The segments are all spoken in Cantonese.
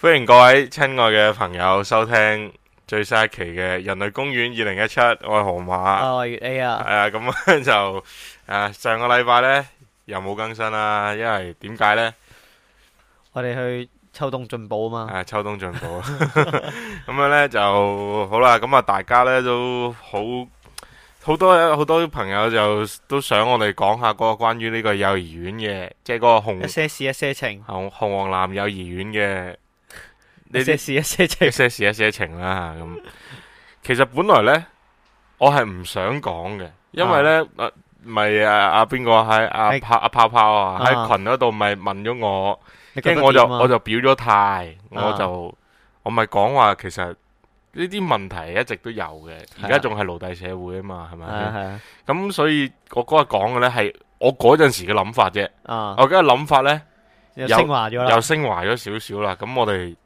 歡迎各位親愛嘅朋友收聽最新一期嘅《人類公園二零一七》，我係河馬，我係月 A 啊，係啊，咁樣就誒上個禮拜咧又冇更新啦，因為點解咧？我哋去秋冬進步啊嘛，係秋冬進步，咁樣咧就好啦。咁啊，大家咧都好好多好多朋友就都想我哋講下嗰個關於呢個幼兒園嘅，即係嗰個紅一些事一些情，紅紅黃藍幼兒園嘅。你寫事，寫情，寫事，寫情啦咁。其實本來咧，我係唔想講嘅，因為咧，誒，咪阿阿邊個喺阿阿泡泡啊喺群嗰度咪問咗我，跟住我就我就表咗態，我就我咪講話，其實呢啲問題一直都有嘅，而家仲係奴隸社會啊嘛，係咪？係啊，咁所以我嗰日講嘅咧係我嗰陣時嘅諗法啫。我今日諗法咧又升華咗又升華咗少少啦。咁我哋。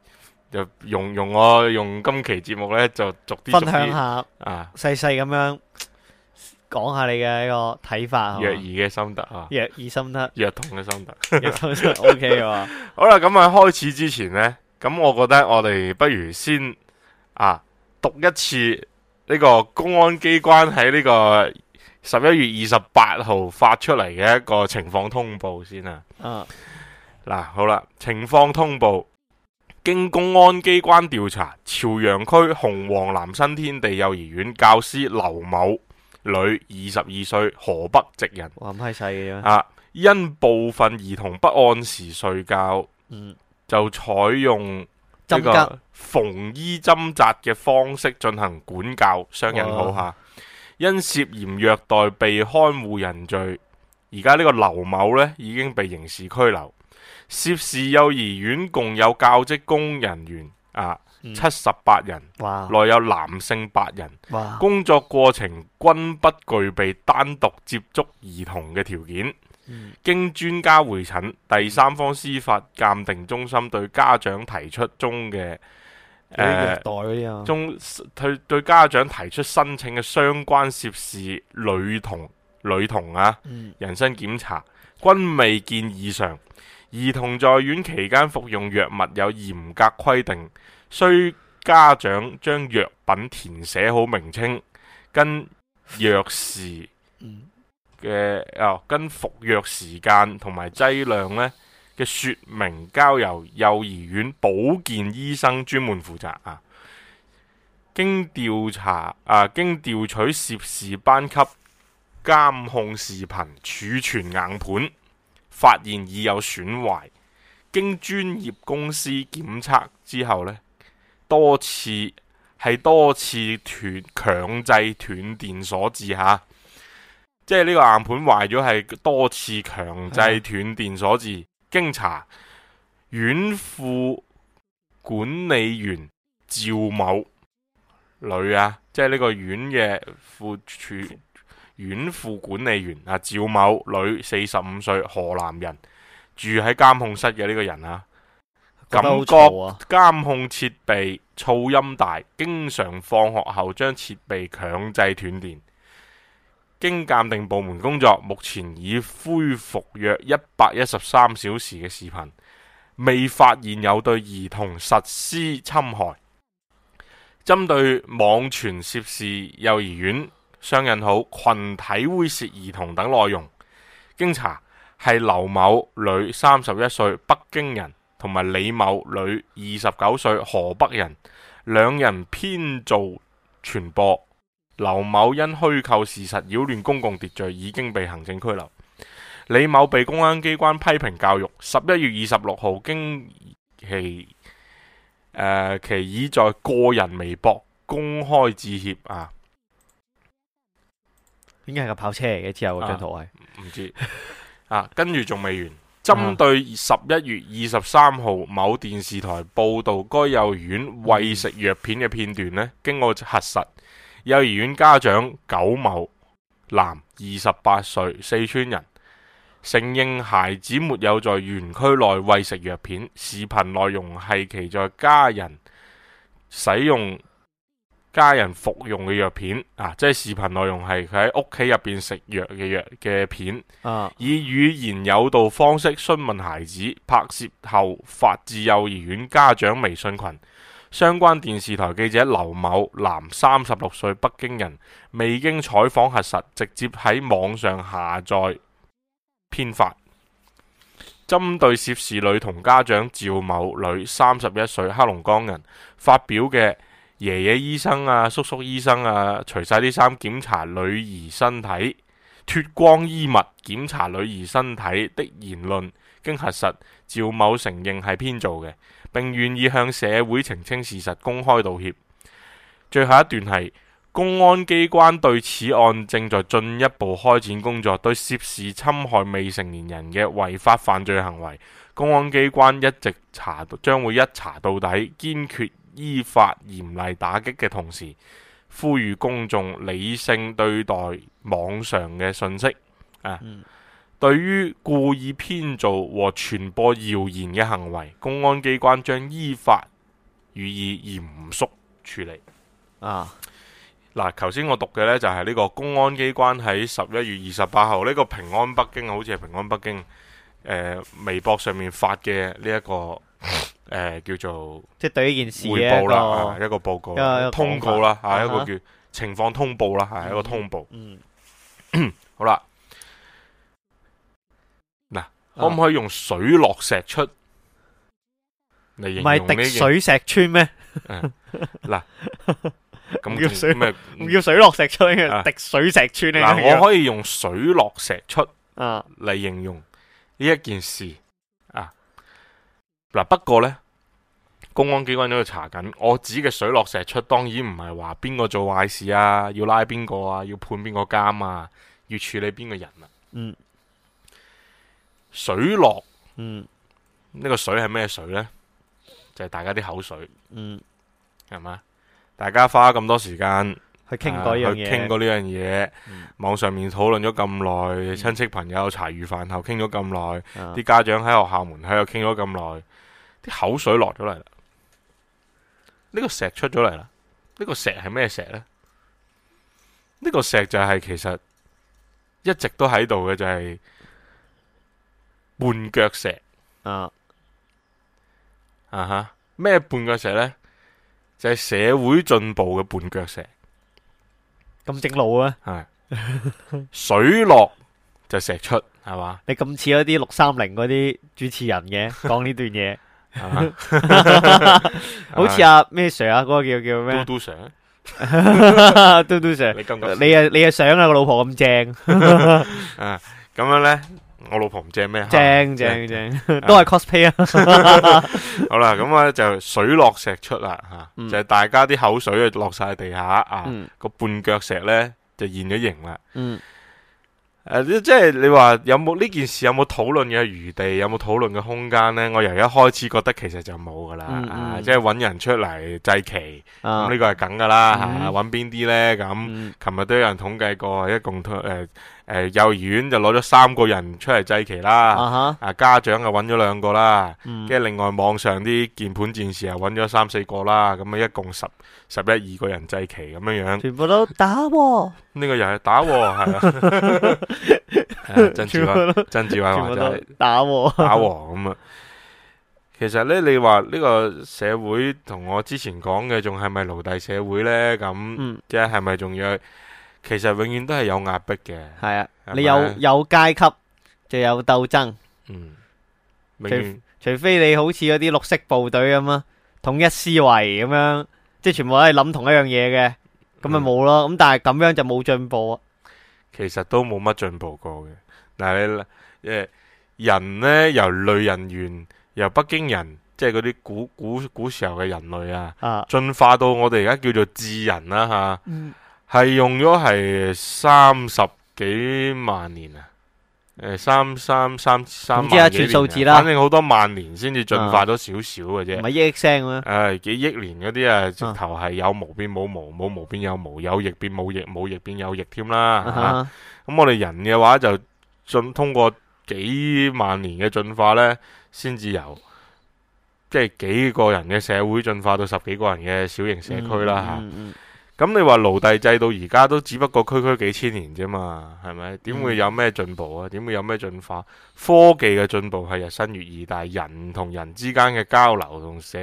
就用用我用今期節目咧，就逐啲分享下啊，細細咁樣講下你嘅一個睇法，虐兒嘅心得啊，虐兒心得，虐童嘅心得，虐童先 OK 好啦，咁喺開始之前呢，咁我覺得我哋不如先啊讀一次呢個公安機關喺呢個十一月二十八號發出嚟嘅一個情況通報先啊。嗱、啊啊，好啦，情況通報。經公安機關調查，朝陽區紅黃藍新天地幼兒園教師劉某，女，二十二歲，河北籍人。哇咁細勢嘅樣啊！因部分兒童不按時睡覺，嗯，就採用呢個縫衣針扎嘅方式進行管教。傷人好下，下哇因涉嫌虐待被看護人罪，而家呢個劉某呢，已經被刑事拘留。涉事幼兒園共有教職工人員啊、嗯、七十八人，內哇有男性八人。哇工作過程均不具備單獨接觸兒童嘅條件。嗯、經專家會診，第三方司法鑑定中心對家長提出中嘅、呃啊、中對，對家長提出申請嘅相關涉事女童女童啊、嗯、人身檢查，均未見異常。兒童在院期間服用藥物有嚴格規定，需家長將藥品填寫好名稱、跟藥時嘅哦、跟服藥時間同埋劑量咧嘅說明交由幼兒園保健醫生專門負責啊。經調查啊，經調取涉事班級監控視頻儲存硬盤。發現已有損壞，經專業公司檢測之後呢，多次係多次斷強制斷電所致嚇。即係呢個硬盤壞咗係多次強制斷電所致。的經查，院副管理員趙某女啊，即係呢個院嘅副處。院庫管理員啊，趙某女，四十五歲，河南人，住喺監控室嘅呢、這個人啊，感覺監、啊、控設備噪音大，經常放學後將設備強制斷電。經鑒定部門工作，目前已恢復約一百一十三小時嘅視頻，未發現有對兒童實施侵害。針對網傳涉事幼兒園。上印好群體猥褻兒童等內容，經查係劉某女三十一歲北京人，同埋李某女二十九歲河北人，兩人編造傳播。劉某因虛構事實擾亂公共秩序，已經被行政拘留。李某被公安機關批評教育。十一月二十六號，經其、呃、其已在個人微博公開致歉啊。點解係個跑車嚟嘅？之後嗰張圖係唔、啊、知啊，跟住仲未完。針 對十一月二十三號某電視台報道該幼兒園餵食藥片嘅片段咧，經過核實，幼兒園家長九某男，二十八歲，四川人，承認孩子沒有在園區內餵食藥片。視頻內容係其在家人使用。家人服用嘅藥片啊，即係視頻內容係佢喺屋企入邊食藥嘅藥嘅片，啊、以語言誘導方式詢問孩子，拍攝後發至幼兒園家長微信群。相關電視台記者劉某男三十六歲北京人，未經採訪核實，直接喺網上下載編發，針對涉事女童家長趙某女三十一歲黑龍江人發表嘅。爺爺醫生啊，叔叔醫生啊，除晒啲衫檢查女兒身體，脫光衣物檢查女兒身體的言論，經核實，趙某承認係編造嘅，並願意向社會澄清事實，公開道歉。最後一段係公安機關對此案正在進一步開展工作，對涉事侵害未成年人嘅違法犯罪行為，公安機關一直查，將會一查到底，堅決。依法嚴厲打擊嘅同時，呼籲公眾理性對待網上嘅信息。啊，嗯、對於故意編造和傳播謠言嘅行為，公安機關將依法予以嚴肅處理。啊，嗱，頭先我讀嘅呢，就係、是、呢個公安機關喺十一月二十八號呢個平安北京，好似係平安北京誒，呃、微博上面發嘅呢一個。 誒，叫做即係對呢件事報啦，一個報告、通告啦，吓一個叫情況通報啦，係一個通報。嗯，好啦，嗱，可唔可以用水落石出嚟形容呢？咪滴水石穿咩？嗱，咁叫「水，唔叫水落石出滴水石穿。嗱，我可以用水落石出嚟形容呢一件事。嗱，不過呢，公安機關喺度查緊，我指嘅水落石出，當然唔係話邊個做壞事啊，要拉邊個啊，要判邊個監啊，要處理邊個人啊。嗯，水落，嗯，呢個水係咩水呢？就係、是、大家啲口水。嗯，係嘛？大家花咁多時間。.去傾嗰過呢樣嘢，啊嗯、網上面討論咗咁耐，親、嗯、戚朋友茶餘飯後傾咗咁耐，啲、啊、家長喺學校門口又傾咗咁耐，啲口水落咗嚟啦。呢、這個石出咗嚟啦，呢、這個石係咩石呢？呢、這個石就係其實一直都喺度嘅，就係、啊啊、絆腳石啊啊，咩絆腳石呢？就係、是、社會進步嘅絆腳石。咁正路啊！係水落就石出，係嘛？你咁似嗰啲六三零嗰啲主持人嘅講呢段嘢，係嘛？好似阿咩 Sir 啊，嗰個叫叫咩？嘟嘟 Sir，嘟嘟 Sir，你啊你啊，想啊個老婆咁正啊，咁樣咧。我老婆唔正咩？正正正，都係 cosplay 啊！好啦，咁咧就水落石出啦，吓，就係大家啲口水落晒地下啊，個半腳石咧就現咗形啦。嗯，誒，即係你話有冇呢件事有冇討論嘅餘地，有冇討論嘅空間咧？我由一開始覺得其實就冇噶啦，啊，即係搵人出嚟祭旗，呢個係梗噶啦吓，搵邊啲咧？咁琴日都有人統計過，一共誒。誒，幼兒園就攞咗三個人出嚟祭旗啦，啊，家長就揾咗兩個啦，跟住另外網上啲鍵盤戰士又揾咗三四個啦，咁啊一共十十一二個人祭旗，咁樣樣，全部都打喎。呢個又係打喎，係嘛？曾志偉，曾志偉話就係打打咁啊。其實呢，你話呢個社會同我之前講嘅仲係咪奴隸社會呢？咁即係咪仲要？其實永遠都係有壓迫嘅，係啊，係咪你有有階級就有鬥爭，嗯，除除非你好似嗰啲綠色部隊咁啊，統一思維咁樣，即係全部都係諗同一樣嘢嘅，咁咪冇咯。咁但係咁樣就冇進步啊，其實都冇乜進步過嘅。嗱，你人呢，由類人猿，由北京人，即係嗰啲古古古時候嘅人類啊，啊，進化到我哋而家叫做智人啦，啊，吓，嗯。係用咗係三十幾萬年啊！誒，三三三三萬幾年，反正好多萬年先至進化咗、嗯、少少嘅啫。唔係億聲咩？誒、嗯，幾億年嗰啲啊，直頭係有毛變冇毛，冇毛變有毛，有翼變冇翼，冇翼變有翼添啦。咁我哋人嘅話就進通過幾萬年嘅進化呢，先至由即係幾個人嘅社會進化到十幾個人嘅小型社區啦。吓、啊。嗯嗯咁你話奴隸制度而家都只不過區區幾千年啫嘛，係咪？點會有咩進步啊？點會有咩進化？科技嘅進步係日新月異，但係人同人之間嘅交流同社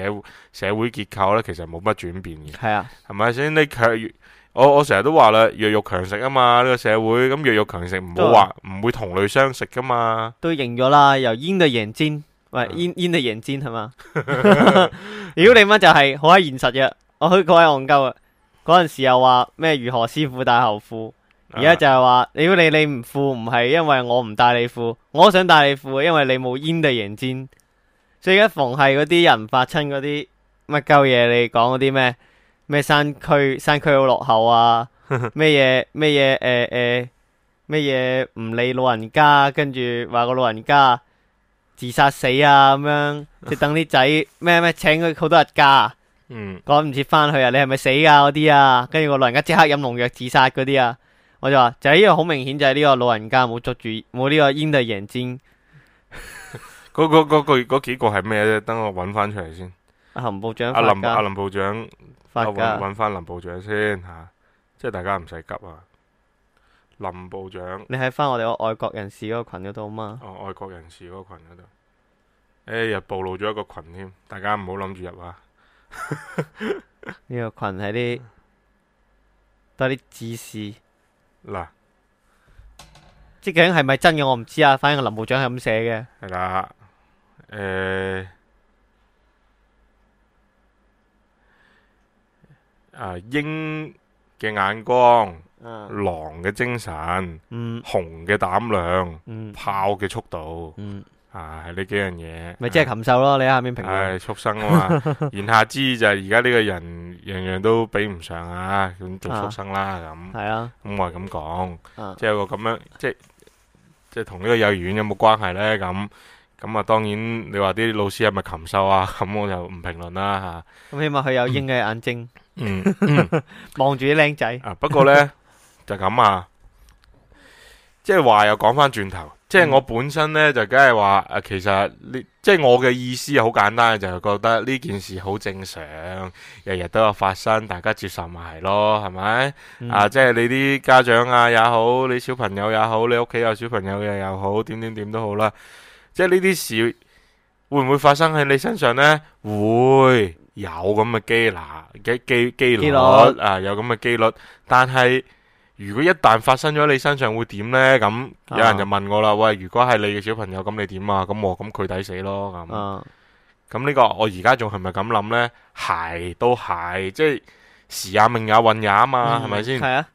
社會結構咧，其實冇乜轉變嘅。係是啊，係咪先？你卻越我我成日都話啦，弱肉強食啊嘛。呢、這個社會咁弱肉強食，唔好話唔會同類相食噶嘛。都認咗啦，由煙到贏戰喂，煙煙到贏戰係嘛？如果你媽就係好喺現實嘅，我佢佢係憨鳩啊。嗰陣時又話咩？如何師傅帶後富？而家就係話，如果你你唔富，唔係因為我唔帶你富，我想帶你富，因為你冇煙對人戰，所以而家逢係嗰啲人發親嗰啲乜鳩嘢，你講嗰啲咩咩山區，山區好落後啊，咩嘢咩嘢誒誒咩嘢唔理老人家，跟住話個老人家自殺死啊咁樣，就等啲仔咩咩請佢好多日假。嗯，趕唔切翻去啊！你係咪死啊？嗰啲啊，跟住、啊就是、個，個老人家即刻飲農藥自殺嗰啲啊，我就話就係呢個好明顯就係呢個老人家冇捉住冇呢個鷹的眼睛。嗰嗰嗰句嗰幾個係咩啫？等我搵翻出嚟先。阿、啊、林部長，阿林阿林部長，我搵翻、啊、林部長先吓、啊，即係大家唔使急啊。林部長，你喺翻我哋個外國人士嗰個群嗰度啊嘛？外國人士嗰個群嗰度誒，又、哎、暴露咗一個群添，大家唔好諗住入啊！呢個群係啲多啲自私嗱，即究竟係咪真嘅我唔知啊，反正個林部長係咁寫嘅。係啦，誒，啊鷹嘅眼光，狼嘅精神，熊嘅膽量，豹嘅速度。啊，係呢幾樣嘢，咪即係禽獸咯？啊、你喺下面評論係畜生啊嘛？ 言下之意就係而家呢個人樣樣都比唔上啊，做畜生啦咁。係啊，咁我係咁講，啊、即係個咁樣，即係即係同呢個幼兒園有冇關係咧？咁咁啊，當然你話啲老師係咪禽獸啊？咁我就唔評論啦吓。咁、啊、起碼佢有鷹嘅眼睛，望住啲僆仔。不過咧就咁啊，即、就、係、是、話又講翻轉頭。即係我本身咧，嗯、就梗係話，誒，其實你，即係我嘅意思好簡單，就係、是、覺得呢件事好正常，日日都有發生，大家接受埋咯，係咪？嗯、啊，即係你啲家長啊也好，你小朋友也好，你屋企有小朋友嘅又好，點點點都好啦。即係呢啲事會唔會發生喺你身上呢？會有咁嘅機嗱，機機率，率啊，有咁嘅機率，但係。如果一旦發生咗你身上會點呢？咁有人就問我啦，啊、喂，如果係你嘅小朋友，咁你點啊？咁我咁佢抵死咯咁。咁呢、啊呢個我而家仲係咪咁諗呢？係都係，即係時也命也運也啊嘛，係咪先？吧是啊、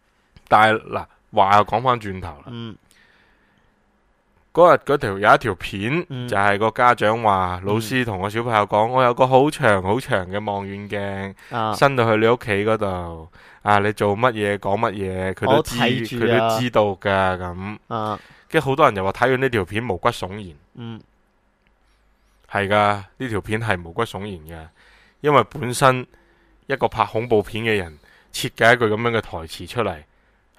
但係嗱，話又講翻轉頭啦。嗰日嗰條有一條片，嗯、就係個家長話，老師同個小朋友講，嗯、我有個好長好長嘅望遠鏡，啊、伸到去你屋企嗰度，啊，你做乜嘢講乜嘢，佢都知，佢、啊、都知道噶咁。跟住好多人又話睇完呢條片毛骨悚然。嗯，係噶，呢條片係毛骨悚然嘅，因為本身一個拍恐怖片嘅人設計一句咁樣嘅台詞出嚟，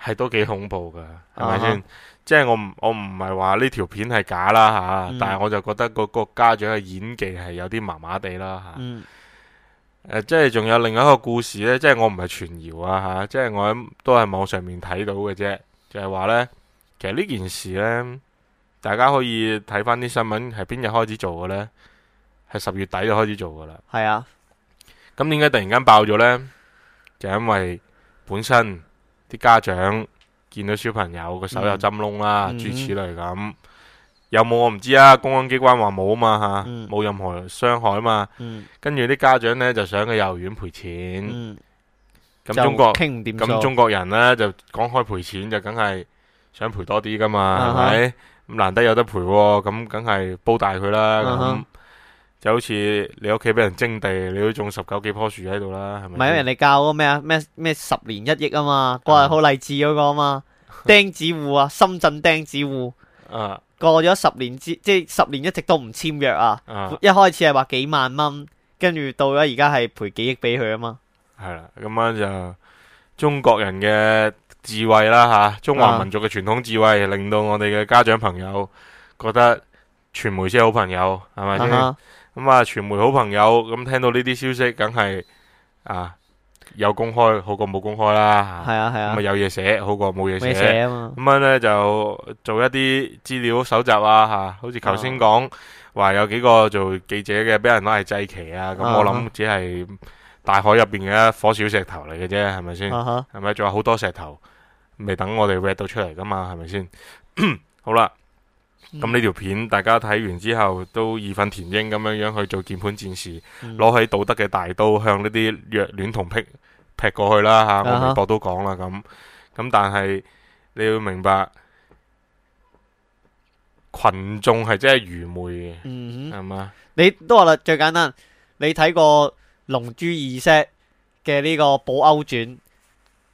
係都幾恐怖噶，係咪先？啊即係我唔我唔係話呢條片係假啦吓，啊嗯、但係我就覺得個個家長嘅演技係有啲麻麻地啦吓。誒，即係仲有另外一個故事呢，即係我唔係傳謠啊吓、啊，即係我都係網上面睇到嘅啫，就係話呢，其實呢件事呢，大家可以睇翻啲新聞係邊日開始做嘅呢？係十月底就開始做噶啦。係啊，咁點解突然間爆咗呢？就因為本身啲家長。見到小朋友個手有針窿啦，諸、嗯、此類咁，有冇我唔知啊。公安機關話冇啊嘛吓，冇、嗯、任何傷害啊嘛。嗯、跟住啲家長呢，就想去幼兒園賠錢。咁、嗯、中國咁中國人呢，就講開賠錢就梗係想賠多啲㗎嘛，係咪？咁難得有得賠，啊，咁梗係煲大佢啦。嗯嗯嗯。就好似你屋企俾人徵地，你都種十九幾棵樹喺度啦，係咪？唔係，因為人哋教個咩啊？咩咩十年一億啊嘛，個係好勵志嗰個啊嘛，釘子戶啊，深圳釘子戶啊，過咗十年之即係十年一直都唔簽約啊，啊一開始係話幾萬蚊，跟住到咗而家係賠幾億俾佢啊嘛，係啦，咁樣就中國人嘅智慧啦吓、啊，中華民族嘅傳統智慧，啊、令到我哋嘅家長朋友覺得傳媒先係好朋友，係咪先？Uh huh. 咁啊，傳、嗯、媒好朋友，咁、嗯、聽到呢啲消息，梗係啊有公開好過冇公開啦，係啊係啊，咁啊、嗯、有嘢寫好過冇嘢寫，咁樣咧就做一啲資料搜集啊吓、啊，好似頭先講話有幾個做記者嘅，俾人攞嚟祭旗啊，咁、嗯 uh huh. 我諗只係大海入邊嘅一顆小石頭嚟嘅啫，係咪先？係咪仲有好多石頭未等我哋 read 到出嚟噶嘛？係咪先？ 好啦。咁呢條片，大家睇完之後都義憤填膺咁樣樣去做鍵盤戰士，攞、嗯、起道德嘅大刀向呢啲弱戀同劈劈過去啦吓！啊嗯、哼我微博都講啦咁，咁但係你要明白，群眾係真係愚昧嘅，係嘛、嗯哼？吧你都話啦，最簡單，你睇過《龍珠 Z》嘅呢個《保歐傳》，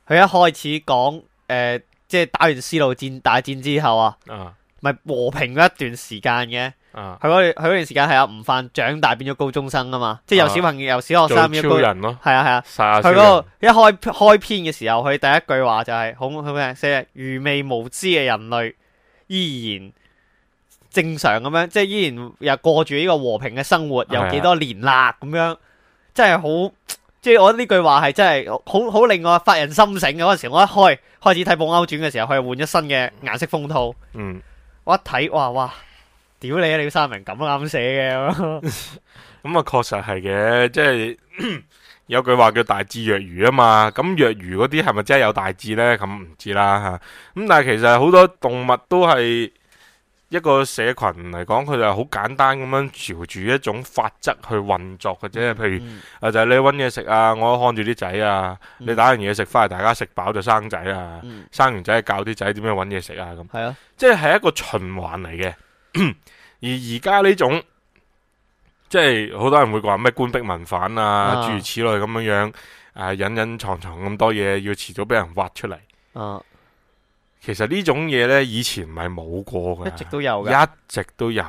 佢一開始講誒、呃，即係打完斯路戰大戰之後啊。嗯咪和平嗰一段時間嘅，佢段、啊，係嗰段時間係阿吳范長大變咗高中生啊嘛，即係由小朋友由小學生變咗超人咯，係啊係啊，佢嗰個一開開篇嘅時候，佢第一句話就係、是、好，好咩，即係愚昧無知嘅人類依然正常咁樣，即係依然又過住呢個和平嘅生活，有幾多年啦，咁、啊、樣，即係好，即、就、係、是、我覺得呢句話係真係好好令我發人心醒嘅嗰陣時，我一開開始睇《布歐傳》嘅時候，佢係換咗新嘅顏色風套，嗯。我一睇，哇哇，屌你啊！你要三名咁啱寫嘅，咁啊確實係嘅，即係 有句話叫大智若愚啊嘛。咁若愚嗰啲係咪真係有大智呢？咁唔知啦吓。咁、啊嗯、但係其實好多動物都係。一個社群嚟講，佢就係好簡單咁樣朝住一種法則去運作嘅啫。譬如誒、嗯嗯啊，就係、是、你搵嘢食啊，我看住啲仔啊，嗯、你打完嘢食翻嚟，大家食飽就生仔啊，嗯、生完仔教啲仔點樣搵嘢食啊咁。係啊，嗯、即係一個循環嚟嘅。而而家呢種即係好多人會話咩官逼民反啊，諸、啊、如此類咁樣樣。誒、啊，隱隱藏藏咁多嘢，要遲早俾人挖出嚟。啊其實呢種嘢咧，以前唔係冇過噶，一直都有嘅，一直都有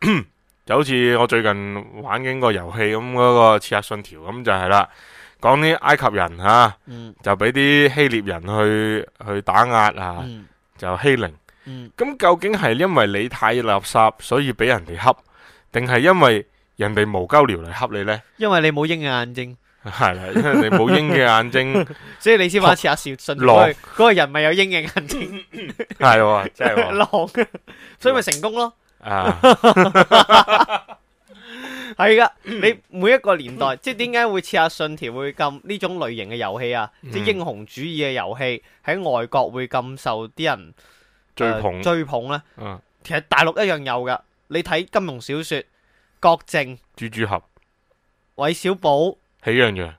嘅，就好似我最近玩緊個遊戲咁，嗰個《刺客信條》咁就係啦，講啲埃及人吓，就俾啲希臘人去去打壓啊，就欺凌，咁究竟係因為你太垃圾，所以俾人哋恰，定係因為人哋無鳩聊嚟恰你咧？因為你冇鷹嘅眼睛。係啦，因為你冇鷹嘅眼睛，所以你先可以似阿信條。狼嗰個人咪有鷹嘅眼睛，係喎，真係喎。狼，所以咪成功咯。啊，係噶，你每一個年代，即係點解會似阿信條會咁呢種類型嘅遊戲啊？即係英雄主義嘅遊戲喺外國會咁受啲人追捧追捧咧。其實大陸一樣有噶，你睇金庸小說，郭靖、豬豬俠、韋小寶。起樣樣，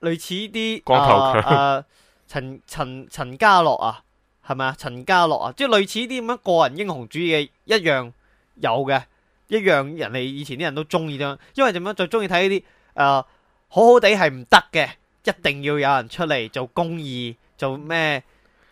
類似啲光頭強，陳陳陳家洛啊，係咪啊？陳家洛啊，即係類似啲咁樣個人英雄主義嘅一樣有嘅，一樣人哋以前啲人都中意嘅，因為點樣最中意睇呢啲誒，好好地係唔得嘅，一定要有人出嚟做公義，做咩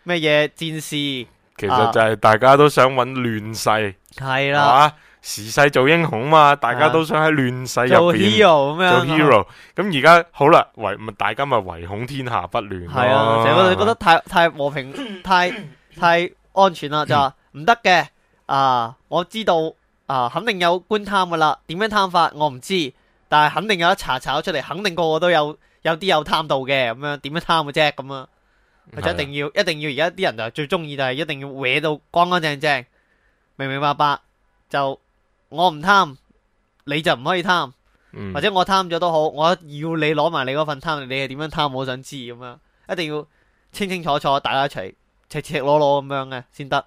咩嘢戰士，其實就係大家都想搵亂世，係、啊、啦。啊時勢做英雄嘛，大家都想喺亂世入邊做 hero 咩 H H、啊？做 hero 咁而家好啦，唯大家咪唯恐天下不亂咯、啊。就、啊、覺得太太和平、 太太安全啦，就話唔得嘅啊！我知道啊，肯定有官貪噶啦，點樣貪法我唔知，但係肯定有一查查咗出嚟，肯定個個都有有啲有貪到嘅咁樣，點樣貪嘅啫咁啊？就一定要是、啊、一定要，而家啲人就最中意就係一定要歪到乾乾淨淨、明明白白就。我唔貪，你就唔可以貪，或者我貪咗都好，我要你攞埋你嗰份貪，你係點樣貪，我想知咁樣，一定要清清楚楚，大家一齊赤赤裸裸咁樣嘅先得。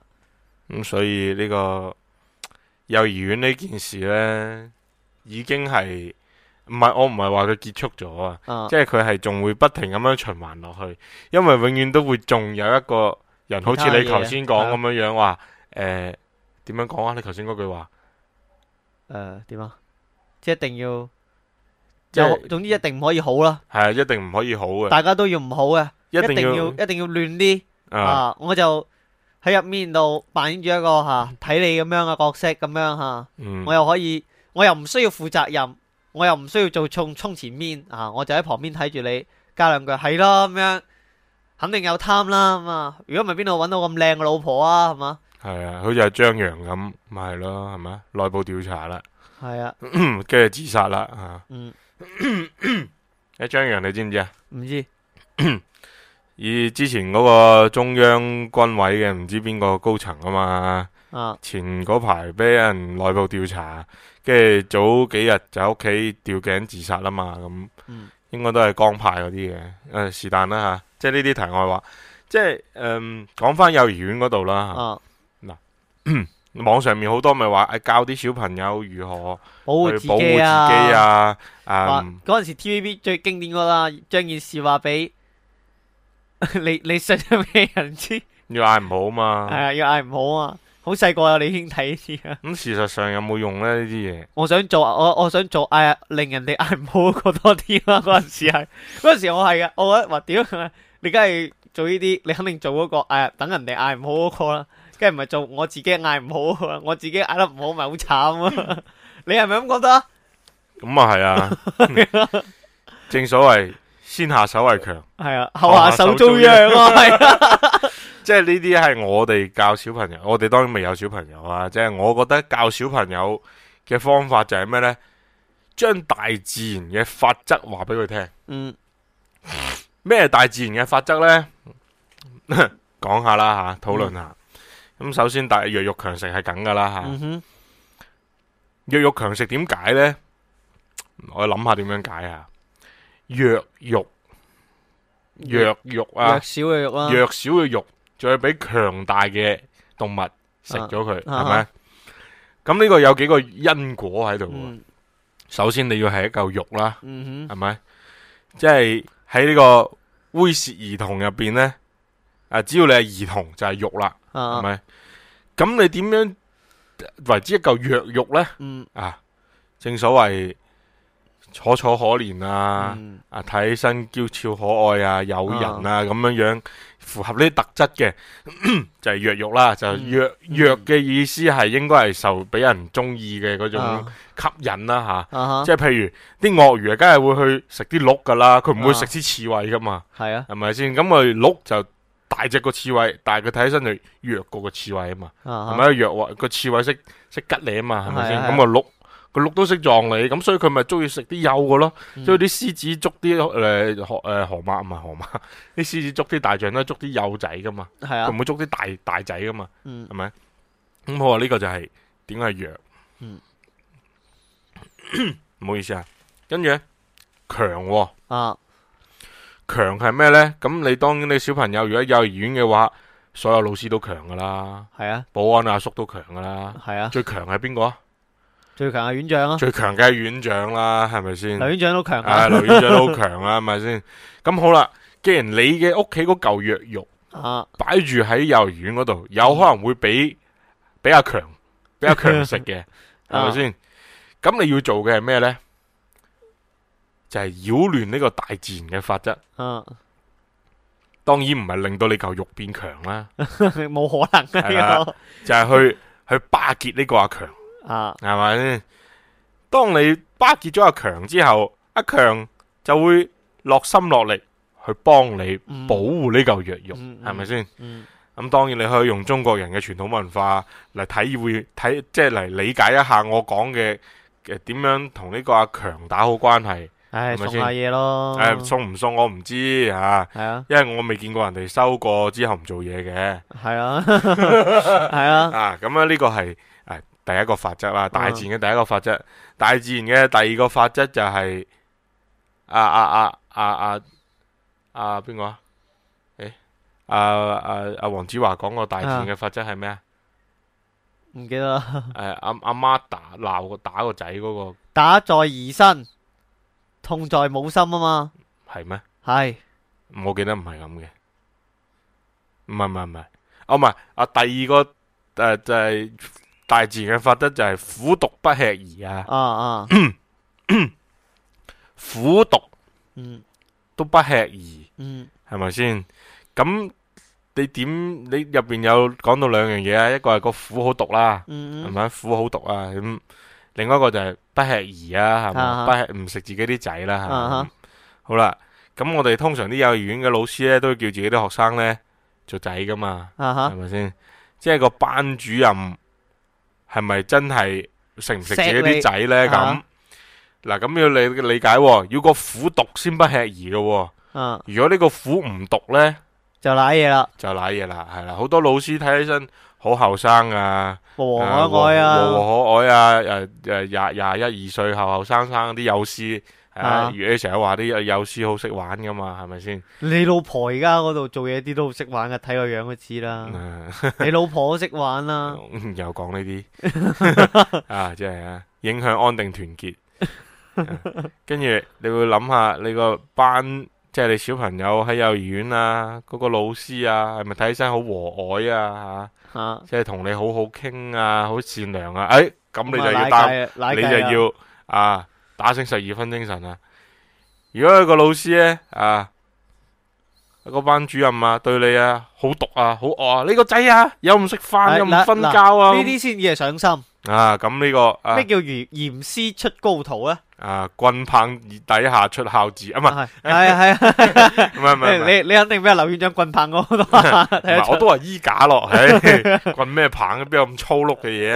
咁所以呢個幼兒園呢件事呢，已經係，唔係，我唔係話佢結束咗啊，即係佢係仲會不停咁樣循環落去，因為永遠都會仲有一個人，好似你頭先講咁樣樣話，誒，點樣講啊？你頭先嗰句話。誒，點、呃、啊？即係一定要，就即係總之一定唔可以好啦。係啊，一定唔可以好嘅。大家都要唔好嘅，一定，一定要，一定要亂啲啊，啊！我就喺入面度扮演住一個吓睇、uh, 你咁樣嘅角色，咁樣吓，我又可以，我又唔需要負責任，我又唔需要做衝衝前面啊！我就喺旁邊睇住你，加兩句係咯，咁、啊、樣肯定有貪啦，咁啊！如果唔係邊度搵到咁靚嘅老婆啊，係嘛？係啊，好似阿張揚咁，咪係咯，係咪？是啊，啊？內部調查啦，係啊，跟住自殺啦吓。嗯，阿張揚你知唔知啊？唔知咳咳。以之前嗰個中央軍委嘅唔知邊個高層啊嘛，啊，前嗰排俾人內部調查，跟住早幾日就喺屋企吊頸自殺啦嘛，咁，嗯，嗯、應該都係江派嗰啲嘅，誒，是但啦吓，即係呢啲題外話，即係誒講翻幼兒園嗰度啦，啊啊啊網上面好多咪話教啲小朋友如何保護自己啊！嗰陣時 TVB 最經典個啦，將件事話俾你，你信咩人知？要嗌唔好嘛？係啊，要嗌唔好啊！好細個啊，你先睇呢啲啊！咁事實上有冇用咧？呢啲嘢，我想做，我我想做，誒，令人哋嗌唔好嗰多啲啦。嗰陣時係，嗰陣時我係噶，我覺得，話，屌，你梗係做呢啲，你肯定做嗰個，誒，等人哋嗌唔好嗰個啦。即係唔係做我自己嗌唔好，我自己嗌得唔好，咪好慘啊！ 你係咪咁覺得？咁啊係啊！ 正所謂先下手為強，係 啊，後下手遭殃啊！係啊，即係呢啲係我哋教小朋友，我哋當然未有小朋友啊。即係我覺得教小朋友嘅方法就係咩呢？將大自然嘅法則話俾佢聽。嗯。咩大自然嘅法則呢？講 下啦吓，討論下。嗯咁首先，但係弱肉強食係梗噶啦吓。弱肉強食點解咧？我諗下點樣解啊？弱肉弱肉啊，弱少嘅肉啦、啊，弱少嘅肉，仲要俾強大嘅動物食咗佢，係咪？咁呢個有幾個因果喺度？嗯、首先你要係一嚿肉啦，係咪、嗯哼？即係喺呢個猥褻兒童入邊咧，啊，只要你係兒童就係肉啦。係咪？咁你點樣為之一嚿弱肉呢？嗯啊，正所謂楚楚可憐啊，嗯、啊睇起身嬌俏可愛啊，誘人啊咁樣、啊啊、樣，符合呢啲特質嘅就係、是、弱肉啦，就弱弱嘅意思係應該係受俾人中意嘅嗰種吸引啦吓，即係譬如啲鱷魚啊，梗係會去食啲鹿噶啦，佢唔會食啲刺猬噶嘛，係啊，啊，是啊，係咪先？咁佢鹿就。大隻個刺猬，但係佢睇起身就弱過個刺猬啊嘛，係咪、啊、弱啊個刺猬識識吉你啊嘛，係咪先，咁個碌，個碌都識撞你，咁所以佢咪中意食啲幼嘅咯，所以啲獅子捉啲誒河誒河馬唔係河馬，啲獅子捉啲大象都捉啲幼仔噶嘛，係啊，唔會捉啲大大仔噶嘛，係咪、嗯？咁我話呢個就係點解弱？唔好意思啊，跟住咧強啊。強係咩呢？咁你當然你小朋友如果幼兒園嘅話，所有老師都強噶啦。係啊，保安阿叔都強噶啦。係啊，最強係邊個？最強係院長咯。最強嘅係院長啦，係咪先？劉院長都強啊，啊， 劉院長都強、啊、是是好強啦，係咪先？咁好啦，既然你嘅屋企嗰嚿弱肉啊，擺住喺幼兒園嗰度，有可能會比比較強、比較強食嘅係咪先？咁 你要做嘅係咩呢？就係擾亂呢個大自然嘅法則，嗯、啊，當然唔係令到你嚿肉變強啦，冇 可能係、啊、的 就係去去巴結呢個阿強啊，係咪先？啊、當你巴結咗阿強之後，阿強就會落心落力去幫你保護呢嚿弱肉，係咪先？咁吧、嗯嗯、當然你可以用中國人嘅傳統文化嚟體會睇，即係嚟理解一下我講嘅誒，點樣同呢個阿強打好關係。唉，是是送下嘢咯。誒、呃，送唔送我唔知吓。係啊，啊因為我未見過人哋收過之後唔做嘢嘅。係是啊，係 啊。啊，咁樣呢個係誒、哎、第一個法則啦，大自然嘅第一個法則。啊、大自然嘅第二個法則就係啊啊啊啊啊啊邊個啊？誒，啊，啊，阿黃子華講過大自然嘅法則係咩啊？唔記得啦。誒、 啊，阿阿媽打鬧個打個仔嗰個。打，個兒、那個、打在兒身。痛在冇心啊嘛，係咩？係，我記得唔係咁嘅，唔係唔係唔係，哦唔係啊，第二個誒就係大自然嘅法則就係苦毒不吃兒啊，啊啊，苦毒，嗯，都不吃兒，嗯，係咪先？咁你點？你入邊有講到兩樣嘢啊，一個係個苦好毒啦，係咪苦好毒啊咁？另外一個就係不食兒啊，係嘛、uh huh.，不吃，唔食自己啲仔啦，係嘛。Uh huh. 好啦，咁我哋通常啲幼兒園嘅老師咧，都會叫自己啲學生咧做仔噶嘛，係咪先？即係個班主任係咪真係食唔食自己啲仔咧？咁嗱、uh，咁、huh. 要理理解、啊，要個虎毒先不食兒噶、啊。嗯、uh，huh. 如果個呢個虎唔毒咧，就瀨嘢啦，就瀨嘢啦，係啦。好多老師睇起身。好後生啊，可愛 Class 啊，可愛啊，誒誒廿廿一二歲後後生生啲幼師，啊，而家成日話啲幼幼師好識玩噶嘛，係咪先？你老婆而家嗰度做嘢啲都好識玩噶，睇個樣都知啦。嗯、 你老婆都識玩啦， 又講呢啲啊，真、就、係、是、啊，影響安定團結。啊、跟住你會諗下你個班。即係你小朋友喺幼兒園啊，嗰、那個老師啊，係咪睇起身好和藹啊吓？啊啊即係同你好好傾啊，好善良啊？誒、欸，咁你就要打，啊啊、你就要啊，打醒十二分精神啊！如果有，有個老師咧啊，個班主任啊，對你啊好毒啊，好惡啊，你個仔啊又唔食飯又唔瞓覺啊，呢啲先至係上心、嗯、啊！咁呢個咩叫嚴嚴師出高徒啊？啊。啊，棍棒底下出孝子啊嘛。係係啊，唔係唔係，你你肯定俾劉院長棍棒，我都唔，我都話衣架落，係棍咩棒都邊有咁粗碌嘅嘢。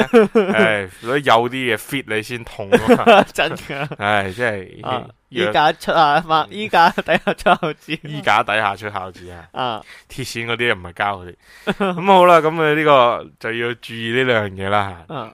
唉，嗰啲有啲嘢 fit 你先痛真㗎。唉，即係衣架出下嘛，衣架底下出孝子，衣架底下出孝子啊。啊鐵線嗰啲唔係膠嗰啲咁。好啦，咁啊呢個就要注意呢兩樣嘢啦吓，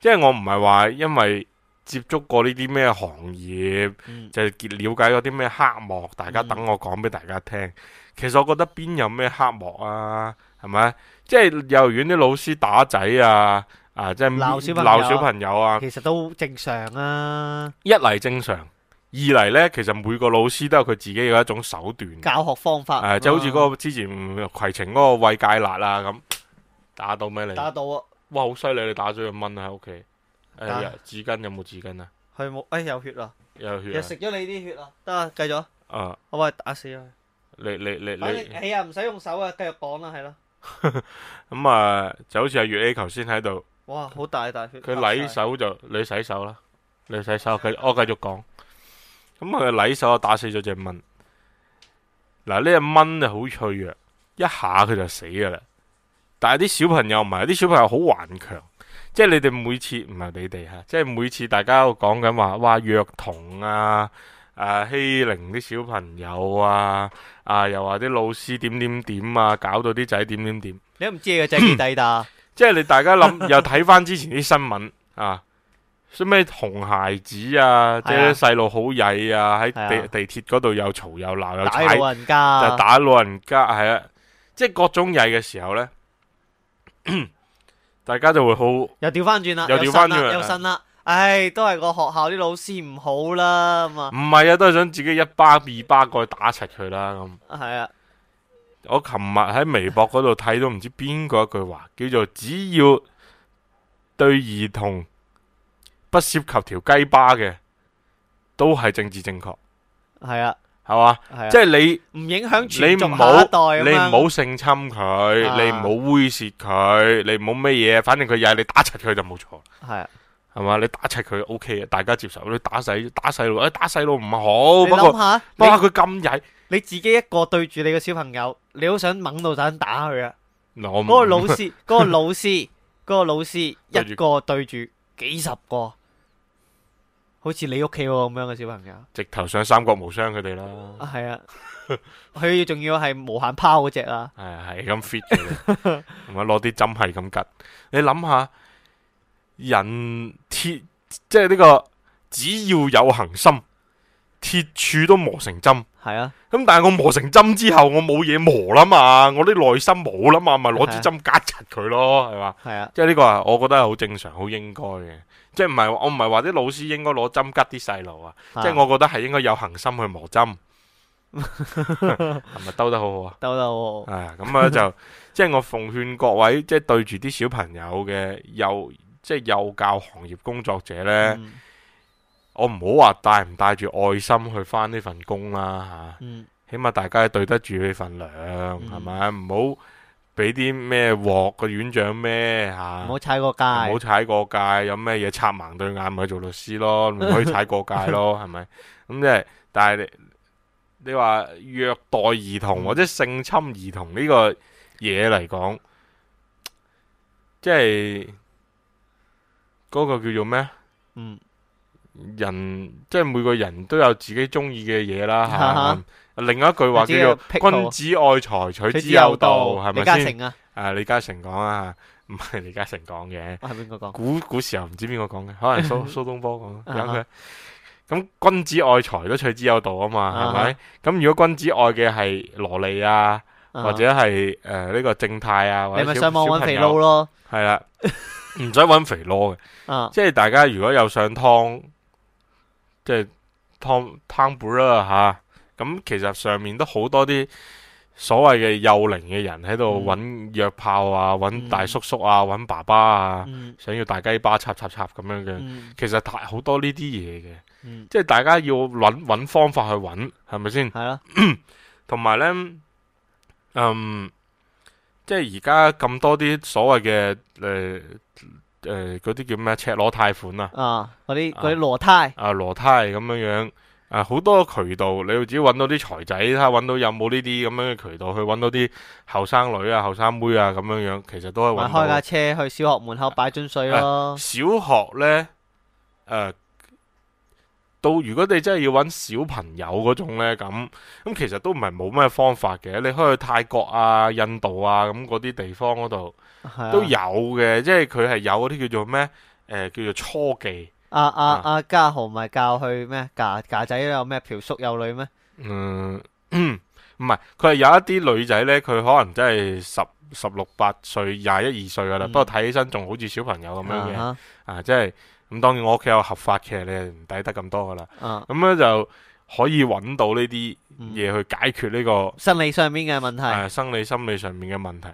即係我唔係話因為。接觸過呢啲咩行業，嗯、就了解咗啲咩黑幕。嗯、大家等我講俾大家聽。其實我覺得邊有咩黑幕啊？係咪？即係幼兒園啲老師打仔啊，啊，即係鬧小朋友，啊，啊其實都正常啊。一嚟正常，二嚟呢。其實每個老師都有佢自己嘅一種手段，教學方法、啊。啊啊、即係好似嗰個之前葵晴嗰個餵芥辣啊咁，打到咩嚟？打到啊！哇，好犀利、啊！你打咗個蚊喺屋企。誒，紙、哎、巾有冇紙巾啊？係冇、哎，誒有血啦，又食咗你啲血啦，得啊，繼續，啊，我咪打死佢。你你你你，A 啊，唔使、哎、用手啊，繼續講啦，係咯。咁、 嗯、啊，就好似阿月 A 頭先喺度，哇，好大大血。佢舐手就身你洗手啦，你洗手，我繼 我繼續講。咁佢舐手，啊，打死咗隻蚊。嗱，呢隻蚊就好脆弱，一下佢就死噶啦。但係啲小朋友唔係，啲小朋友好頑強。即係你哋每次唔係你哋吓，即係每次大家都講緊話，哇，虐童啊，誒，欺凌啲小朋友啊，啊又話啲老師點點點啊，搞到啲仔點點點。你都唔知個仔幾抵打。即係你大家諗又睇翻之前啲新聞啊，做咩熊孩子啊，即係啲細路好曳啊，喺地地鐵嗰度又嘈又鬧又打老人家，打老人家係啦，即係各種曳嘅時候呢。大家就會好又調翻轉啦，又調翻轉啦，又新啦，唉，哎、都係個學校啲老師唔好啦，咁啊，唔係啊，都係想自己一巴二巴過去打柒佢啦，咁是啊係啊，我琴日喺微博嗰度睇到唔知邊個一句話， 叫做只要對兒童不涉及條雞巴嘅，都係政治正確，係啊。係嘛？即係你唔影響住你唔好，你唔好性侵佢，你唔好猥褻佢，你唔好咩嘢？反正佢曳，你打柒佢就冇錯。係啊，係嘛？你打柒佢 OK 大家接受。你打細打細路，誒，打細路唔好。你諗下，哇！佢咁曳，你自己一個對住你個小朋友，你好想猛到想打佢啊！嗰個老師，嗰個老師，嗰個老師一個對住幾十個。好似你屋企咁樣嘅小朋友，直頭上三國無雙佢哋啦。啊、哎，係啊，佢仲要係無限拋嗰隻啊。係係咁 fit，同埋攞啲針係咁吉。你諗下，人鐵即係呢個，只要有恒心。鐵柱都磨成針，係啊，咁但係我磨成針之後，我冇嘢磨啦嘛，我啲耐心冇啦嘛，咪攞、啊、支針夾實佢咯，係嘛，係啊，即係呢個啊，我覺得係好正常，好應該嘅，即係唔係我唔係話啲老師應該攞針吉啲細路啊，啊即係我覺得係應該有恒心去磨針，係咪兜得好好啊？兜 得好係啊，咁 啊、哎、就即係我奉勸各位，即係對住啲小朋友嘅幼即係幼教行業工作者咧。嗯我唔好話帶唔帶住愛心去返呢份工啦吓、啊，啊嗯、起碼大家對得住呢份糧係咪？唔好俾啲咩鑊個院長咩吓，唔、啊、好踩過界，唔好踩過界。有咩嘢插盲對眼咪做律師咯，唔可以踩過界咯，係咪？ 咁即係，但係你話虐待兒童、嗯、或者性侵兒童呢個嘢嚟講，即係嗰個叫做咩？嗯。人即係每個人都有自己中意嘅嘢啦吓。另一句話叫做君子愛財，取之有道，係咪先？啊李嘉誠講啊，唔係李嘉誠講嘅，係邊個講？古古時候唔知邊個講嘅，可能蘇蘇東坡講。咁君子愛財都取之有道啊嘛，係咪？咁如果君子愛嘅係蘿莉啊，或者係誒呢個正太啊，或者係，你咪上網揾肥佬咯。係啦，唔使揾肥佬嘅，即係大家如果有想劏。即係湯湯本啦吓，咁、嗯、其實上面都好多啲所謂嘅幼齡嘅人喺度揾約炮啊，揾大叔叔啊，揾、嗯、爸爸啊，想要大雞巴插插插咁樣嘅，嗯、其實好多呢啲嘢嘅，嗯、即係大家要揾揾方法去揾，係咪先？係啊。同埋咧，嗯，即係而家咁多啲所謂嘅誒。呃誒，嗰啲叫咩？赤裸貸款啊，啊，嗰啲嗰啲裸貸，啊，裸貸咁樣樣，啊，好多渠道，你要自己揾到啲財仔，睇下揾到有冇呢啲咁樣嘅渠道去揾到啲後生女啊、後生妹啊咁樣樣，其實都係開架車去小學門口擺樽、啊、水咯。啊、小學咧，誒、啊。到如果你真係要揾小朋友嗰種呢，咁咁其實都唔係冇咩方法嘅。你可以去泰國啊、印度啊咁嗰啲地方嗰度、啊、都有嘅，即係佢係有嗰啲叫做咩、呃？叫做初技。阿阿阿家豪咪教佢咩？嫁嫁仔有咩嫖宿幼女咩？嗯，唔係，佢係有一啲女仔呢，佢可能真係十。十六八歲廿一二歲噶啦，16, 21，嗯、不過睇起身仲好似小朋友咁樣嘅，啊，哈 啊，即係咁。當然我屋企有合法嘅，你係唔抵得咁多噶啦。咁咧、啊、就可以揾到呢啲嘢去解決呢、這個生、嗯、理上面嘅問題、啊。生理、心理上面嘅問題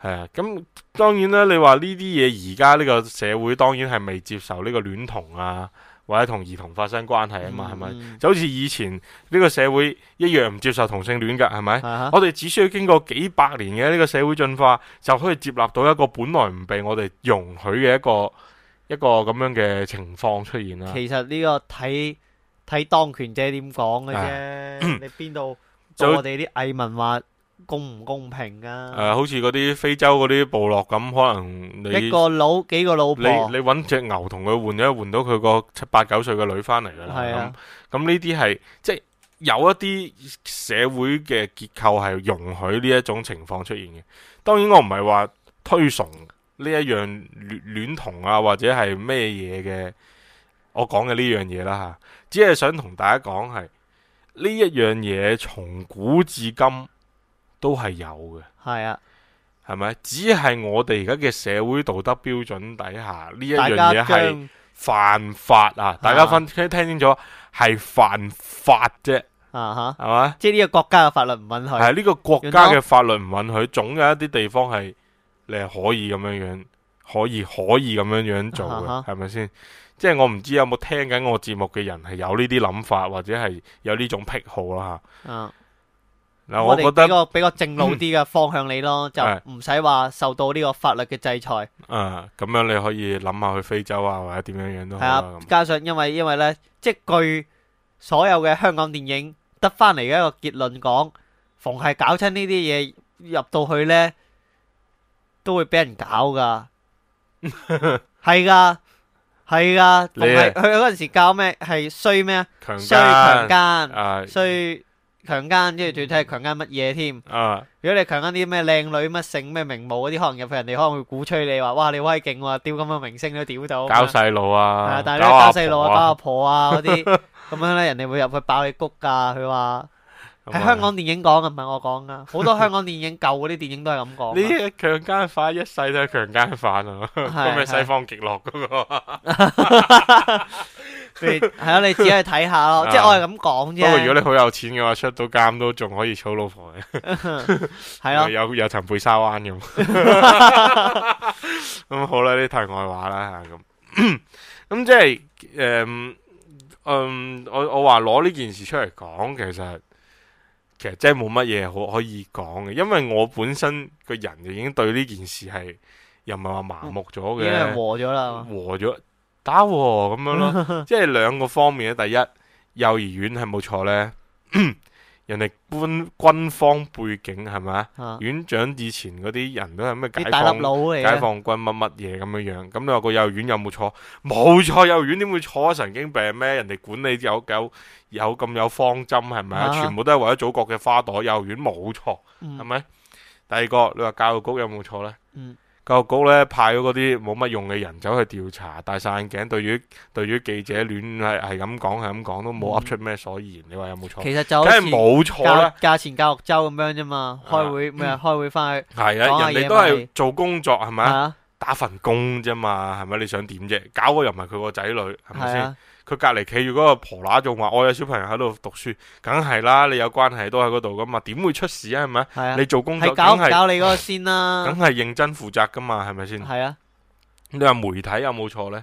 係啊。咁、啊、當然啦，你話呢啲嘢而家呢個社會，當然係未接受呢個戀童啊。或者同兒童發生關係啊嘛，係咪、嗯、就好似以前呢、呢個社會一樣唔接受同性戀㗎，係咪？嗯、我哋只需要經過幾百年嘅呢個社會進化，就可以接納到一個本來唔被我哋容許嘅一個一個咁樣嘅情況出現啦。其實呢個睇睇當權者點講嘅啫，嗯、你邊度幫我哋啲藝文話？公唔公平㗎？誒、呃，好似嗰啲非洲嗰啲部落咁，可能你一個老幾個老婆，你你搵隻牛同佢換咗，換，到佢個七八九歲嘅女翻嚟啦。咁咁呢啲係即係有一啲社會嘅結構係容許呢一種情況出現嘅。當然我唔係話推崇呢一樣戀戀童啊，或者係咩嘢嘅。我講嘅呢樣嘢啦吓，只係想同大家講係呢一樣嘢，從古至今。都係有嘅，係啊，係咪？只係我哋而家嘅社會道德標準底下呢一樣嘢係犯法啊！大家分聽，聽清楚，係犯法啫，啊吓，係咪？即係呢個國家嘅法律唔允許，係呢個國家嘅法律唔允許，總有一啲地方係你係可以咁樣樣，可以可以咁樣樣做嘅，係咪先？即係我唔知有冇聽緊我節目嘅人係有呢啲諗法，或者係有呢種癖好啦吓。啊啊嗱，我哋覺得個比較正路啲嘅方向你咯，就唔使話受到呢個法律嘅制裁。誒，咁樣你可以諗下去非洲啊，或者點樣樣都好。係啊，加上因為因為咧，即係據所有嘅香港電影得翻嚟嘅一個結論講，逢係搞親呢啲嘢入到去咧，都會俾人搞噶。係噶，係噶。你佢佢嗰陣時搞咩？係衰咩啊？強姦。衰，強姦。誒，衰。強姦，即係仲要睇係強姦乜嘢添？強姦啊，如果你強姦啲咩靚女、乜性、咩名模嗰啲，可能入去人哋，可能會鼓吹你話：哇，你威勁喎，屌咁嘅明星都屌到。搞細路啊！係啊，但係咧細路啊，搞阿婆啊嗰啲，咁樣咧，人哋會入去爆你谷噶。佢話喺香港電影講嘅唔係我講噶，好多香港電影舊嗰啲電影都係咁講。呢強姦犯一世都係強姦犯啊！咁咪是 西方極樂嗰、那個。 係啊，嗯、 你自己去睇下咯，即係我係咁講啫。不過、啊、如果你好有錢嘅話，出到監都仲可以娶老婆嘅。係 咯、 啊，有有層貝沙灣咁、 嗯。咁好啦，呢題外話啦吓咁。咁即係誒，嗯，我我話攞呢件事出嚟講，其實其實真係冇乜嘢可可以講嘅，因為我本身個人就已經對呢件事係又唔係話麻木咗嘅，因為和咗啦，和、啊、咗。打咁、喔、樣咯， 即係兩個方面咧。第一，幼兒園係冇錯咧，人哋官軍方背景係咪啊？院長以前嗰啲人都係咩解放解放軍乜乜嘢咁嘅樣？咁你話個幼兒園有冇錯？冇、嗯、錯，幼兒園點會錯啊？神經病咩？人哋管理有有有咁有方針係咪啊？全部都係為咗祖國嘅花朵，幼兒園冇錯係咪？第二個，你話教育局有冇錯咧？嗯。教育局咧，派咗嗰啲冇乜用嘅人走去調查，戴晒眼鏡，對於對於記者亂係係咁講係咁講都冇噏出咩所言，你話有冇錯？其實就好似冇錯啦，價價錢教育周咁樣啫嘛，開會咩？開會翻去。係啊，說說人哋都係做工作係咪啊？打份工啫嘛，係咪你想點啫？搞個又唔係佢個仔女，係咪先？啊佢隔籬企住嗰個婆乸仲話我有小朋友喺度讀書，梗係啦，你有關係都喺嗰度噶嘛，點會出事啊？係咪？啊、你做工作係搞唔搞你個先啦，梗係認真負責噶嘛，係咪先？係啊，你話媒體有冇錯咧？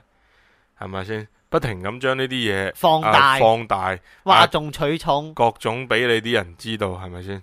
係咪先？不停咁將呢啲嘢放大放大，嘩眾取寵，各種俾你啲人知道，係咪先？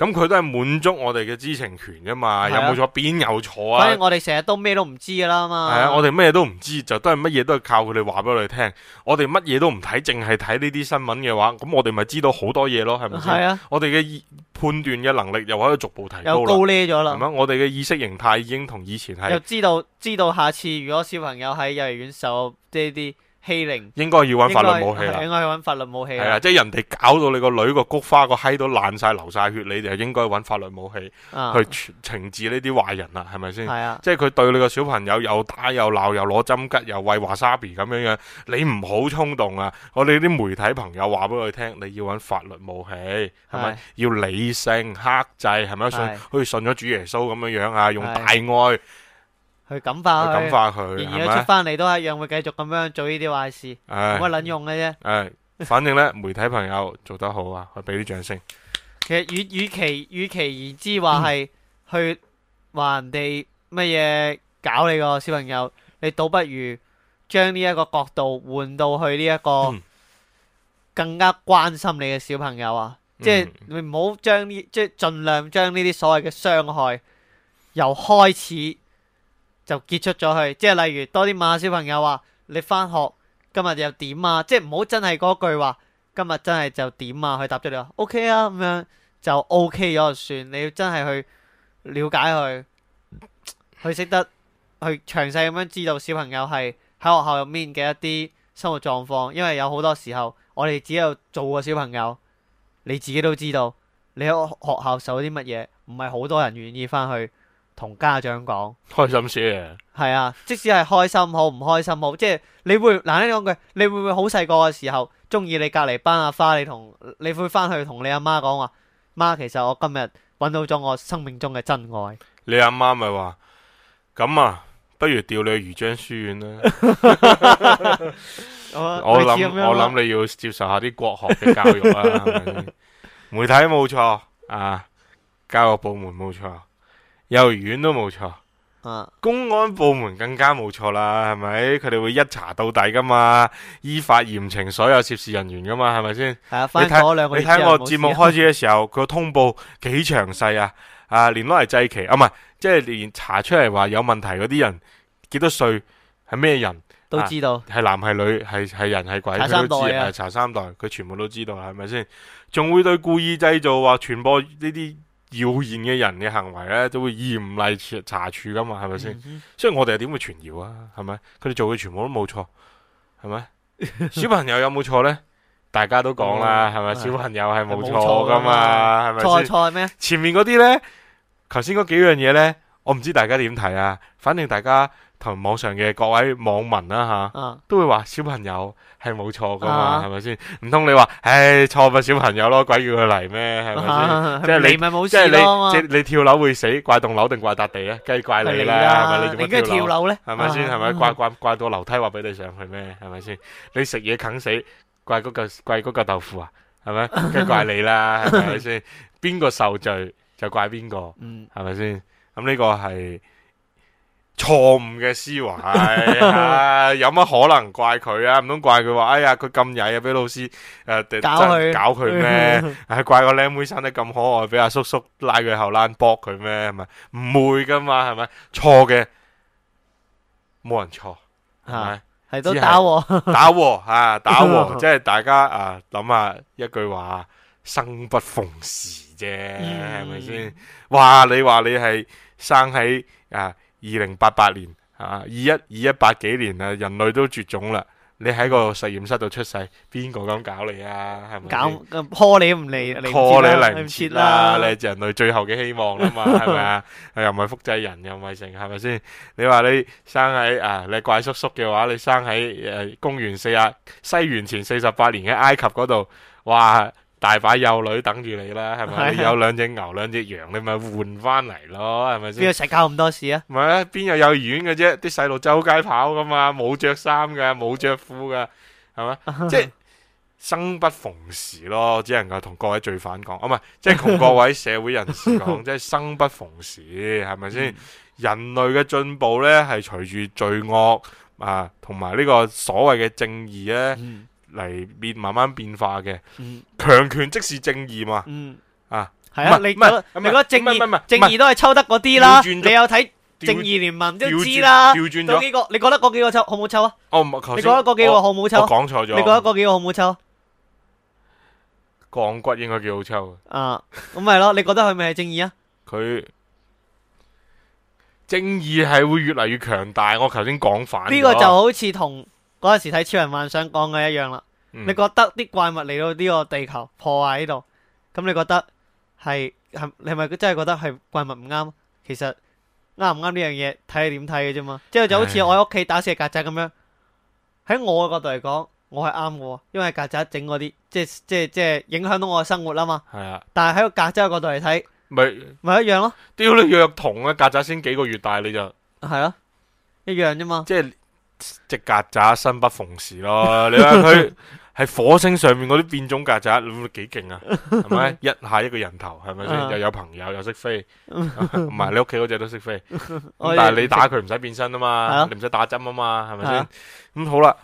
咁佢都係滿足我哋嘅知情權㗎嘛，啊、有冇錯？邊有錯啊？反正我哋成日都咩都唔知噶啦嘛。係啊，我哋咩都唔知，就都係乜嘢都係靠佢哋話俾我哋聽。我哋乜嘢都唔睇，淨係睇呢啲新聞嘅話，咁我哋咪知道好多嘢咯，係咪先？係啊，我哋嘅判斷嘅能力又喺度逐步提高啦。又高呢咗啦。咁啊，我哋嘅意識形態已經同以前係又知道知道，下次如果小朋友喺幼稚園受呢啲。欺凌應該要揾法律武器啦，應該要揾法律武器啦，係啊！即係人哋搞到你個女個菊花個閪都爛晒流晒血，你哋係應該揾法律武器去懲治呢啲壞人啦，係咪先？係啊！是是啊，即係佢對你個小朋友又打又鬧又攞針吉又餵華沙比咁樣樣，你唔好衝動啊！我哋啲媒體朋友話俾佢聽，你要揾法律武器，係咪是要理性克制？係咪好似信咗主耶穌咁樣樣啊？用大愛。去感化佢，感化，然而佢出翻嚟吧都一樣會繼續咁樣做呢啲壞事，冇乜卵用嘅啫。誒、哎，反正咧，媒體朋友做得好啊，去俾啲掌聲。其實與與其與其而之，話係、嗯、去話人哋乜嘢搞你個小朋友，你倒不如將呢一個角度換到去呢一個更加關心你嘅小朋友啊，嗯、即係唔好將呢即係盡量將呢啲所謂嘅傷害由開始。就結束咗佢，即係例如多啲問下小朋友話你翻學今日又點啊？即係唔好真係嗰句話，今日真係就點啊？佢答咗你話 O K 啊，咁樣就 O K 咗就算。你要真係去了解佢，去識得去詳細咁樣知道小朋友係喺學校入面嘅一啲生活狀況，因為有好多時候，我哋只有做個小朋友，你自己都知道你喺學校受咗啲乜嘢，唔係好多人願意翻去。同家長講開心先、啊，係啊！即使係開心好，唔開心好，即係你會嗱，你講句，你會唔會好細個嘅時候中意你隔離班阿、啊、花？你同你會翻去同你阿媽講話，媽其實我今日揾到咗我生命中嘅真愛。你阿媽咪話：咁啊，不如調你去豫章書院啦。 我諗我諗想、啊、你要接受下啲國學嘅教育啊！ 媒體冇錯啊，教育部門冇錯。幼兒園都冇錯，啊、公安部門更加冇錯啦，係咪？佢哋會一查到底噶嘛？依法嚴懲所有涉事人員噶嘛？係咪先？係啊，翻咗兩個字。你睇我節目開始嘅時候，佢個、啊、通報幾詳細啊？啊，連攞嚟祭旗。啊，唔係，即係連查出嚟話有問題嗰啲人幾多歲，係咩人，人都知道，係、啊、男係女，係係人係鬼，佢、啊、都知，誒、啊，查三代，佢全部都知道，係咪先？仲會對故意製造或傳播呢啲謠言嘅人嘅行為咧，都會嚴厲查查處噶嘛，係咪先？所以，嗯、哼我哋又點會傳謠啊？係咪？佢哋做嘅全部都冇錯，係咪？ 小朋友有冇錯呢？大家都講啦，係咪、嗯？小朋友係冇錯噶嘛，係咪先？錯錯咩？錯了錯了，前面嗰啲呢？頭先嗰幾樣嘢呢？我唔知大家點睇啊，反正大家同網上嘅各位網民啦吓，都會話小朋友係冇錯噶嘛，係咪先？唔通你話，唉，錯咪小朋友咯，鬼叫佢嚟咩？係咪先？即係你咪冇即係你，跳樓會死，怪棟樓定怪笪地啊？梗係怪你啦，係咪？你而家跳樓咧？係咪先？係咪？怪怪怪到樓梯話俾你上去咩？係咪先？你食嘢啃死，怪嗰嚿怪嗰嚿豆腐啊？係咪？梗係怪你啦，係咪先？邊個受罪就怪邊個，係咪先？咁呢，嗯這個係錯誤嘅思維， 啊、有乜可能怪佢啊？唔通怪佢話哎呀，佢咁曳啊，俾老師誒、呃、搞佢她咩？唉、嗯啊，怪個靚妹生得咁可愛，俾阿叔叔拉佢後欄搏佢咩？係咪唔會噶嘛？係咪錯嘅？冇人錯，係係都打鑊 打鑊、啊、打鑊， 即係大家啊諗下一句話：生不逢時。啫，係咪先？哇！你話你係生喺啊二零八八年啊二一二一八幾年啦，人類都絕種啦。你喺個實驗室度出世，邊個咁搞你啊？係咪？搞破你唔嚟，破你嚟唔切啦！你係人類最後嘅希望啊嘛，係咪啊？又唔係複製人，又唔係成，係咪先？你話你生喺啊？你怪叔叔嘅話，你生喺誒公元四啊西元前四十八年嘅埃及嗰度，哇！哇哇大把幼女等住你啦，係咪？你有兩隻牛、兩隻羊，你咪換翻嚟咯，係咪先？邊度使搞咁多事啊？唔係啊，邊有幼兒園嘅啫？啲細路周街跑噶嘛，冇着衫噶，冇着褲噶，係嘛？ 即係生不逢時咯，只能夠同各位罪犯講，唔、啊、係，即係同各位社會人士講， 即係生不逢時，係咪先？嗯、人類嘅進步咧，係隨住罪惡啊，同埋呢個所謂嘅正義咧。 嚟變慢慢變化嘅，強權即是正義嘛？啊，係啊！你覺得正義都係抽得嗰啲啦，你有睇《正義聯盟》都知啦。調轉咗幾個，你覺得嗰幾個抽好唔好抽啊？哦，你覺得嗰幾個好唔好抽？我講錯咗。你覺得嗰幾個好唔好抽？鋼骨應該幾好抽啊！咁咪咯，你覺得佢咪係正義啊？佢正義係會越嚟越強大。我頭先講反，呢個就好似同。嗰陣時睇超人幻想講嘅一樣啦，你覺得啲怪物嚟到呢個地球破壞呢度，咁你覺得係係你係咪真係覺得係怪物唔啱？其實啱唔啱呢樣嘢睇係點睇嘅啫嘛，即係就好似我喺屋企打死曱甴咁樣，喺我嘅角度嚟講，我係啱嘅，因為曱甴整嗰啲即係即係即係影響到我嘅生活啦嘛。係啊，但係喺個曱甴嘅角度嚟睇，咪咪一樣咯。屌你弱童啊，曱甴先幾個月大你就係咯，一樣啫嘛。即係。隻曱甴生不逢時咯，你話佢喺火星上面嗰啲變種曱甴，你幾勁啊？係咪一下一個人頭？係咪先？又有朋友又識飛？唔 係你屋企嗰隻都識飛， 但係你打佢唔使變身啊嘛，你唔使打針啊嘛，係咪先？咁吧好啦，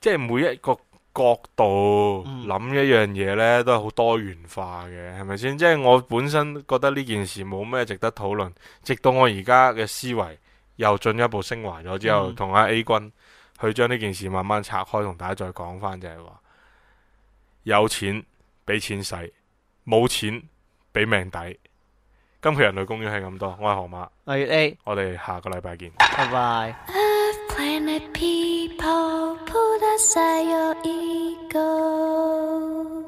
即係每一個角度諗一樣嘢呢，都係好多元化嘅，係咪先？即係我本身覺得呢件事冇咩值得討論，直到我而家嘅思維。又進一步升華咗之後，同阿、嗯、A 君去將呢件事慢慢拆開，同大家再講返，就係、是、話有錢俾錢使，冇錢俾命抵。今期人類公園係咁多，我係河馬，我係 A，我哋下個禮拜見，拜拜 bye。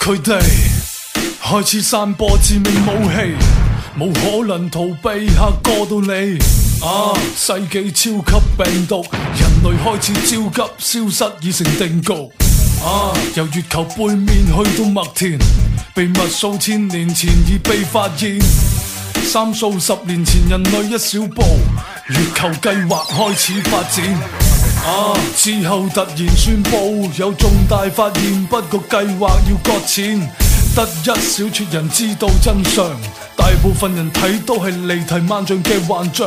佢哋 開始散播致命武器，冇可能逃避下過到你啊！世紀超級病毒，人類開始焦急，消失已成定局啊！由月球背面去到麥田，秘密數千年前已被發現。三數十年前，人類一小步，月球計劃開始發展。啊，之後突然宣布有重大發現，不過計劃要擱淺，得一小撮人知道真相，大部分人睇都係離題萬丈嘅幻象。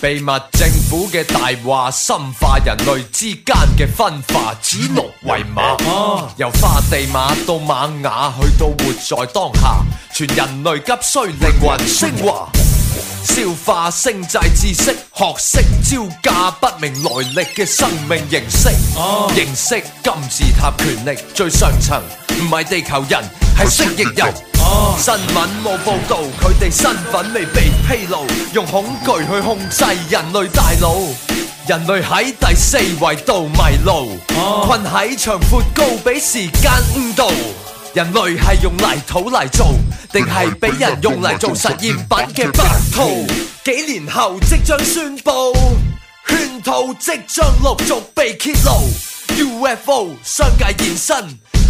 秘密政府嘅大話，深化人類之間嘅分化，指鹿為馬，由花地馬到馬雅，去到活在當下，全人類急需靈魂升華。消化星際知識，學識招架不明來歷嘅生命形式。Oh. 形式金字塔權力最上層，唔係地球人，係蜥蜴人。Oh. 新聞冇報道，佢哋身份未被披露，用恐懼去控制人類大腦。人類喺第四維度迷路，oh. 困喺長闊高比時間誤導。人類係用泥土嚟做，定係俾人用嚟做實驗品嘅白兔？幾年後即將宣布，圈套即將陸續被揭露。UFO 商界現身，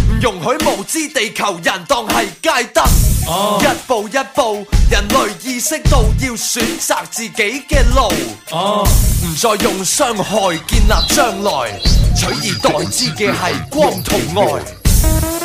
唔容許無知地球人當係街燈。Uh, 一步一步，人類意識到要選擇自己嘅路，唔、uh, 再用傷害建立將來，取而代之嘅係光同愛。